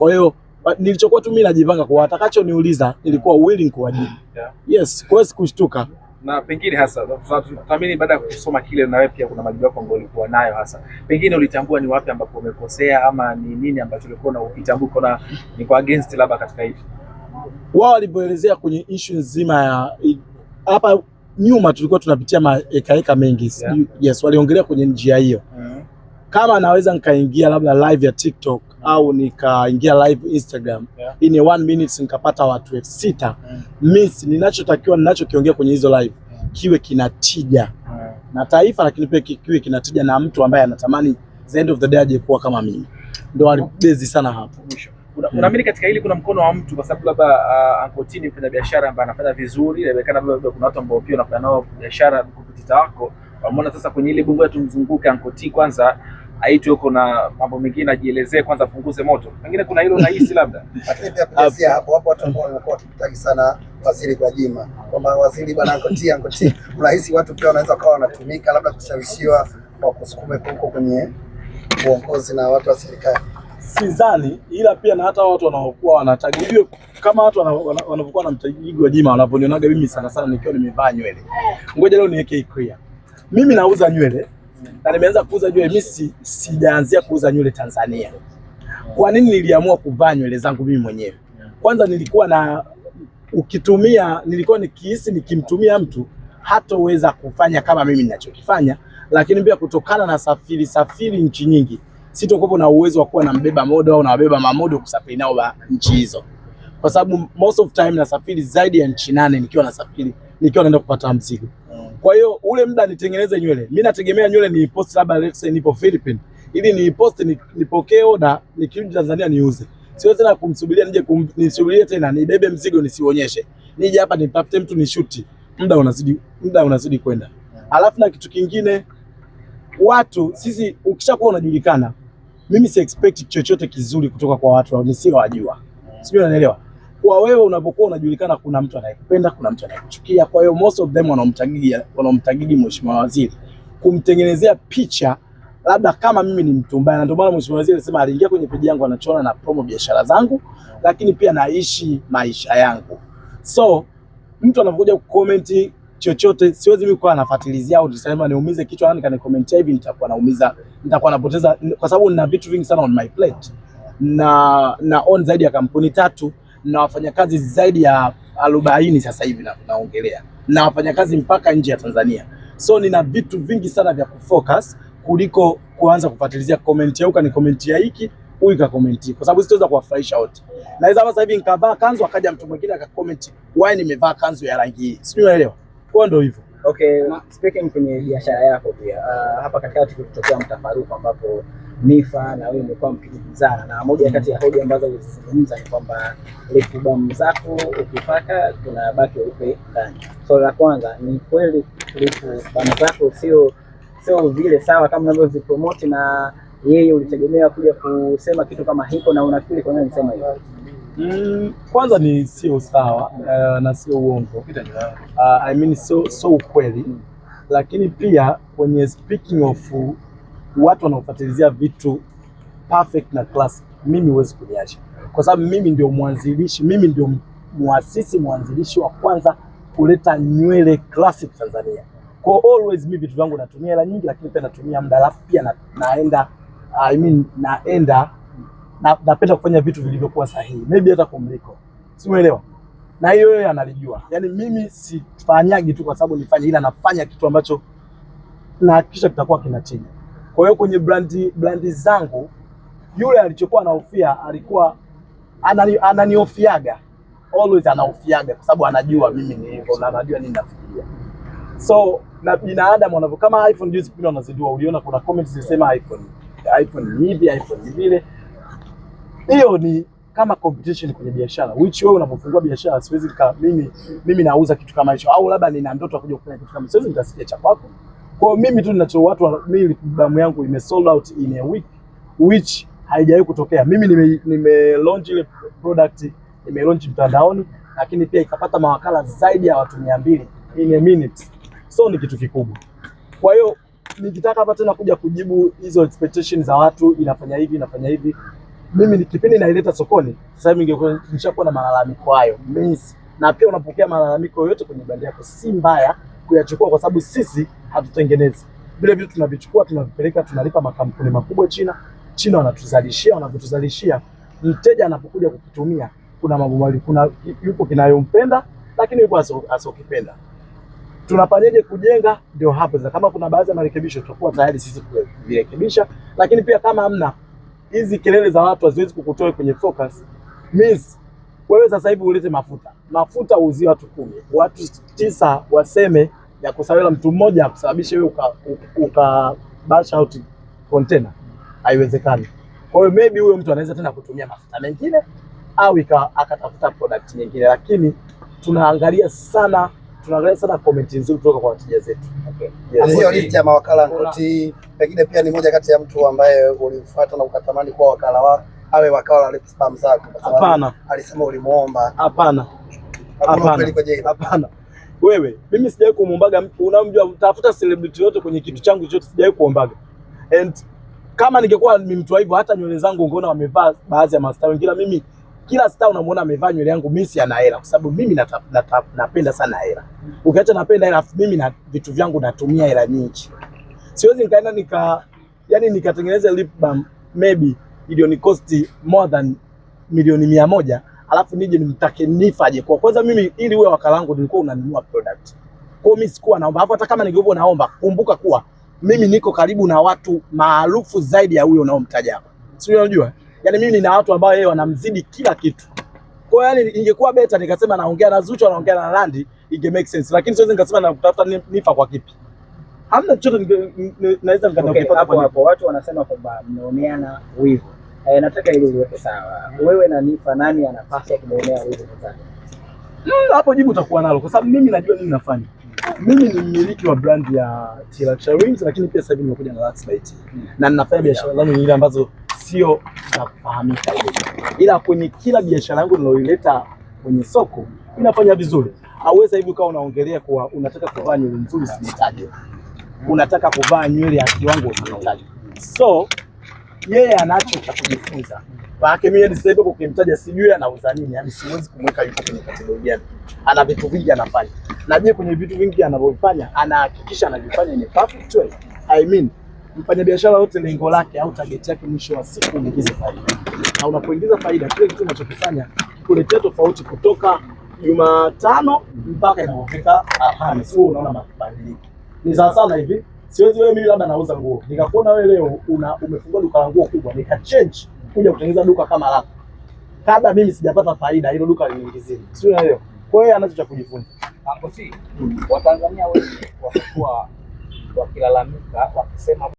Kwa hiyo nilichokuwa tu mimi najipanga kwa atakachoniuliza nilikuwa willing kuwajibu. Yeah. Yes, kwa sikushtuka. Na pengine hasa tunaamini baada ya kusoma kile na wewe pia kuna majibu yako ambayo ulikuwa nayo hasa. Pengine ulitambua ni wapi ambapo umekosea ama ni nini ambacho ulikuwa na ukitambua kuna ni kwa against labda katika hivi. Wao walipoelezea kwenye issue nzima ya hapa nyuma tulikuwa tunapitia maeka eka mengi. Yeah. Yes, waliongelea kwenye njia hiyo. Mm -hmm. Kama naweza nikaingia labda live ya TikTok Mm. au nikaingia live Instagram yeah. In one minute nikapata watu elfu sita yeah. Mm. Miss ninachotakiwa ninachokiongea kwenye hizo live yeah. Kiwe kinatija yeah. na taifa, lakini pia kiwe kinatija na mtu ambaye anatamani the end of the day aje kuwa kama mimi, ndo alibezi mm. sana hapo mwisho. Unaamini katika hili kuna mkono wa mtu, kwa sababu labda Anko T ni mfanya biashara ambaye anafanya vizuri, inawezekana labda kuna watu ambao pia wanafanya nao biashara, kupitia wako wameona sasa kwenye ile bongo yetu mzunguke Anko T kwanza aitwe huko na mambo mengine ajielezee kwanza, punguze moto. Pengine kuna hilo rahisi labda, lakini pia kuelezea hapo hapo, watu ambao walikuwa wakitaki sana waziri Gwajima kwamba waziri bwana ngotia ngotia, unahisi watu pia wanaweza wakawa wanatumika labda kushawishiwa kwa kusukume huko kwenye uongozi na watu wa serikali Sidhani, ila pia na hata watu wanaokuwa wanatagiwa kama watu wanavyokuwa wanamtagi Gwajima, wanavyonionaga mimi sana sana nikiwa nimevaa nywele. Ngoja leo niweke clear, mimi nauza nywele na nimeanza kuuza nywele. Mimi sijaanzia kuuza nywele Tanzania. Kwa nini niliamua kuvaa nywele zangu mimi mwenyewe? Kwanza nilikuwa na ukitumia, nilikuwa nikihisi nikimtumia mtu hatoweza kufanya kama mimi ninachokifanya, lakini pia kutokana na safiri safiri nchi nyingi sitokuwa na uwezo wa kuwa na mbeba modo au na wabeba mamodo kusafiri nao ba nchi hizo, kwa sababu most of time nasafiri zaidi ya nchi nane nikiwa nasafiri nikiwa naenda kupata mzigo. Kwa hiyo ule muda nitengeneze nywele, mi nategemea nywele post, labda let's say nipo Philippines, ili post nipokee oda, nikirudi Tanzania niuze. Siwezi na kumsubiria nije kum, nisubirie tena nibebe mzigo nisionyeshe, nije hapa nitafute mtu nishuti. Muda unazidi, muda unazidi kwenda. Alafu na kitu kingine, watu sisi, ukishakuwa unajulikana, mimi si expect chochote kizuri kutoka kwa watu nisiyowajua, sijui unanielewa kwa wewe unapokuwa unajulikana, kuna mtu anayekupenda, kuna mtu anayekuchukia. Kwa hiyo most of them wanaomtagidi wanaomtagidi mheshimiwa waziri kumtengenezea picha labda kama mimi ni mtu mbaya, na ndio maana mheshimiwa waziri alisema aliingia kwenye peji yangu anachona na promo biashara zangu, lakini pia naishi maisha yangu. So mtu anapokuja kucomment chochote, siwezi mimi kwa nafuatilizia au nisema niumize kichwa nani kanikomentia hivi, nitakuwa naumiza, nitakuwa napoteza, kwa sababu nina vitu vingi sana on my plate na na on zaidi ya kampuni tatu na wafanyakazi zaidi ya arobaini sasa hivi naongelea na, na wafanyakazi mpaka nje ya Tanzania. So nina vitu vingi sana vya kufocus kuliko kuanza kufuatilizia comment yauka ni comment ya hiki huyu ka comment, kwa sababu sitaweza kuwafurahisha wote. Naweza sasa hivi nikavaa kanzu akaja mtu mwingine akakomenti why nimevaa kanzu ya rangi hii, sijui unaelewa. Kwa ndio hivyo. Okay, speaking kwenye biashara yako pia, uh, hapa katikati kutokea mtafaruku ambapo Nifa na wewe umekuwa mkijibizana, na moja kati ya hoja ambazo ulizungumza ni kwamba likubamu zako ukipaka kuna baki weupe ndani. So la kwanza ni kweli likubamu zako sio sio vile sawa kama unavyozipromoti, na yeye ulitegemea kuja kusema kitu kama hiko, na unafikiri kwa nini nisema hivyo? Mm, kwanza ni sio sawa uh, na sio uongo uh, I mean, sio so ukweli, mm. lakini pia kwenye speaking of watu wanaofuatilizia vitu perfect na classic, mimi huwezi kuniacha, kwa sababu mimi ndio mwanzilishi, mimi ndio muasisi mwanzilishi wa kwanza kuleta nywele classic Tanzania. Kwa always mimi vitu vyangu natumia hela nyingi, lakini pia natumia muda, alafu pia na, naenda I mean, naenda na, napenda kufanya vitu vilivyokuwa sahihi, maybe hata kumliko, umeelewa? na hiyo yeye analijua. Yaani mimi sifanyagi tu kwa sababu nifanye, ila nafanya kitu ambacho nahakikisha kitakuwa kinatija. Kwa hiyo kwenye brandi, brandi zangu yule alichokuwa anahofia alikuwa anani, ananiofiaga always anahofiaga kwa sababu anajua mimi ni hivyo na anajua nini nafikiria. So na binadamu wanavyo kama iPhone juzi pia wanazindua uliona kuna comments zilisema iPhone iPhone hivi iPhone vile. Hiyo ni kama competition kwenye biashara which wewe unapofungua biashara siwezi mimi mimi nauza kitu kama hicho au labda nina ndoto ya kuja kufanya kitu kama hicho, siwezi nitasikia cha kwako. Kwa mimi tu ninacho watu mimi damu yangu ime sold out in a week which haijawahi kutokea. Mimi nime, nime launch ile product nime launch mtandaoni, lakini pia ikapata mawakala zaidi ya watu 200 in a minute, so ni kitu kikubwa. Kwa hiyo nikitaka hapa tena kuja kujibu hizo expectations za watu, inafanya hivi inafanya hivi, mimi kipindi naileta sokoni, sasa mimi ningekuwa nishakuwa na malalamiko hayo mimi, na pia unapokea malalamiko yote kwenye brand yako, si mbaya kuyachukua, kwa sababu sisi hatutengenezi vile vitu. Tunavichukua tunavipeleka, tunalipa makampuni makubwa China. China wanatuzalishia, wanavyotuzalishia, mteja anapokuja kukitumia, kuna mambo mawili, kuna yupo kinayompenda, lakini yupo asiokipenda. Tunafanyaje kujenga? Ndio hapo sasa, kama kuna baadhi ya marekebisho tutakuwa tayari sisi kuvirekebisha, lakini pia kama hamna, hizi kelele za watu haziwezi kukutoa kwenye focus Means, Wewe sasa hivi ulete mafuta, mafuta uuzie watu kumi, watu tisa waseme ya kusawiwa mtu mmoja kusababisha wewe uka, uka bash out container haiwezekani. Kwa hiyo maybe huyo mtu anaweza tena kutumia mafuta mengine au akatafuta product nyingine, lakini tunaangalia sana tunaangalia sana comment nzuri kutoka kwa wateja zetu. Okay. Yes. Hiyo list ya mawakala Ankoti pengine pia ni moja kati ya mtu ambaye ulimfuata na ukatamani kuwa wakala wa awe wakala rep spam zako. Hapana. Alisema ulimuomba. Hapana. Hapana. Hapana wewe, mimi sijawahi kumuombaga mtu unamjua, utafuta celebrity yote kwenye kitu changu chote, sijawahi kuombaga. And kama ningekuwa ni mtu hivyo, hata nywele zangu ungeona wamevaa baadhi ya mastaa wengine. Mimi kila staa unamwona amevaa nywele yangu, mimi si ana hela, kwa sababu mimi nata, nata, napenda sana hela. Ukiacha napenda hela, mimi na vitu vyangu natumia hela nyingi, siwezi nikaenda nika yani nikatengeneza lip balm maybe ilionikosti more than milioni mia moja alafu nije nimtake nifaje? Kwa kwanza mimi ili uwe wakalangu nilikuwa unanunua product. Kwa mimi sikuwa naomba, hata kama ningekuwa naomba, kumbuka kuwa mimi niko karibu na watu maarufu zaidi ya huyo unaomtaja hapa. Sio unajua? Yaani mimi nina watu ambao yeye wanamzidi kila kitu. Kwa hiyo yani ingekuwa beta nikasema naongea na Zuchu naongea na Landi inge make sense. Lakini siwezi nikasema nakutafuta nifa kwa kipi? Hamna chochote naweza nikataka kupata hapo hapo. Watu wanasema kwamba mnaoneana wivu. Eh, nataka ili uweke sawa. Wewe na Nifa nani anapaswa kumuonea huyu mtani? Mm, hapo jibu utakuwa nalo kwa sababu mimi najua nini nafanya. Mimi ni mmiliki wa brand ya T Wings, lakini pia sasa hivi nimekuja na Lux Na ninafanya biashara zangu nyingine ambazo sio za kufahamika Ila kwenye kila biashara yangu nilioileta kwenye soko inafanya vizuri. Auweza hivi ukawa unaongelea kwa unataka kuvaa nywele nzuri simtaje. Unataka kuvaa nywele ya kiwango simtaje. So yeye anacho cha kujifunza. Maana mimi sasa hivi ukimtaja sijui anauza nini, yani siwezi kumweka yuko kwenye kategoria gani. Ana vitu vingi anafanya. Na je, kwenye vitu vingi anavyofanya anahakikisha anavifanya ni perfect way. I mean, mfanyabiashara yote lengo lake au target yake mwisho wa siku uingize faida. Na unapoingiza faida kile kitu unachokifanya kuletea tofauti kutoka Jumatano mpaka inapofika Alhamisi. Unaona mabadiliko. Ni sawa sana hivi siwezi wewe, mimi labda nauza nguo nikakuona wewe leo una umefungua duka la nguo kubwa, change kuja kutengeneza duka kama lako, kabla mimi sijapata faida, hilo duka liniingizie, si unaelewa? Kwa hiyo anacho cha kujifunza Watanzania wengi wamekuwa wakilalamika wakisema